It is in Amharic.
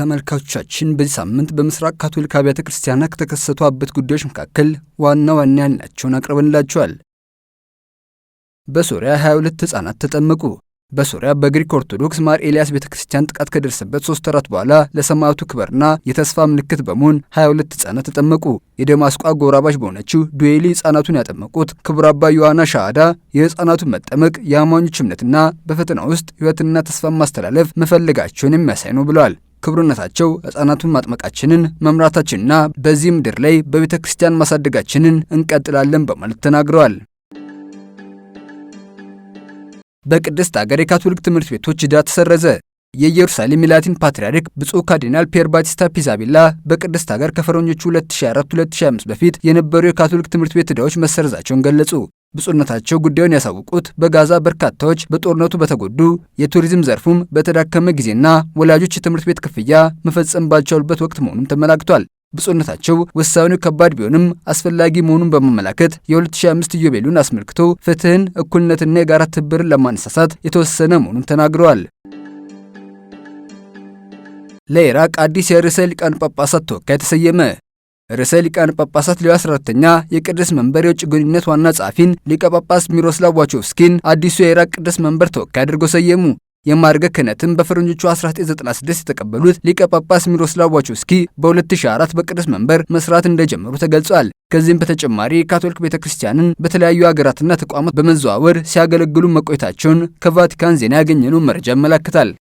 ተመልካቾቻችን በዚህ ሳምንት በምስራቅ ካቶሊክ አብያተ ክርስቲያናት ከተከሰቱ አበይት ጉዳዮች መካከል ዋና ዋና ያልናቸውን አቅርበንላቸዋል። በሶሪያ 22 ሕፃናት ተጠመቁ። በሶሪያ በግሪክ ኦርቶዶክስ ማር ኤልያስ ቤተ ክርስቲያን ጥቃት ከደረሰበት ሶስት ወራት በኋላ ለሰማዕቱ ክብርና የተስፋ ምልክት በመሆን 22 ሕፃናት ተጠመቁ። የደማስቆ አጎራባች በሆነችው ዱዌሊ ሕፃናቱን ያጠመቁት ክቡር አባ ዮሐና ሻሃዳ የሕፃናቱን መጠመቅ የአማኞች እምነትና በፈተና ውስጥ ሕይወትና ተስፋ ማስተላለፍ መፈለጋቸውን የሚያሳይ ነው ብለዋል። ክብርነታቸው ሕፃናቱን ማጥመቃችንን መምራታችንና በዚህ ምድር ላይ በቤተ ክርስቲያን ማሳደጋችንን እንቀጥላለን በማለት ተናግረዋል። በቅድስት አገር የካቶሊክ ትምህርት ቤቶች ዕዳ ተሰረዘ። የኢየሩሳሌም የላቲን ፓትርያርክ ብፁዕ ካርዲናል ፒየር ባቲስታ ፒዛቤላ በቅድስት ሀገር ከፈረኞቹ 2004-2005 በፊት የነበሩ የካቶሊክ ትምህርት ቤት ዕዳዎች መሰረዛቸውን ገለጹ። ብፁዕነታቸው ጉዳዩን ያሳወቁት በጋዛ በርካታዎች በጦርነቱ በተጎዱ የቱሪዝም ዘርፉም በተዳከመ ጊዜና ወላጆች የትምህርት ቤት ክፍያ መፈጸም ባልቻሉበት ወቅት መሆኑን ተመላክቷል። ብፁዕነታቸው ውሳኔው ከባድ ቢሆንም አስፈላጊ መሆኑን በማመላከት የ2005 ኢዮቤልዩን አስመልክቶ ፍትህን፣ እኩልነትና የጋራ ትብብርን ለማነሳሳት የተወሰነ መሆኑን ተናግረዋል። ለኢራቅ አዲስ የርዕሰ ሊቃነ ጳጳሳት ተወካይ ተሰየመ። ርዕሰ ሊቃነ ጳጳሳት ሌዮ 14ተኛ የቅድስት መንበር የውጭ ግንኙነት ዋና ጸሐፊን ሊቀ ጳጳስ ሚሮስላቭ ዋቾቭስኪን አዲሱ የኢራቅ ቅድስት መንበር ተወካይ አድርገው ሰየሙ። የማዕርገ ክህነትን በፈረንጆቹ 1996 የተቀበሉት ሊቀ ጳጳስ ሚሮስላቭ ዋቾቭስኪ በ2004 በቅድስት መንበር መስራት እንደጀመሩ ተገልጿል። ከዚህም በተጨማሪ የካቶሊክ ቤተክርስቲያንን በተለያዩ ሀገራትና ተቋማት በመዘዋወር ሲያገለግሉ መቆየታቸውን ከቫቲካን ዜና ያገኘነው መረጃ ያመለክታል።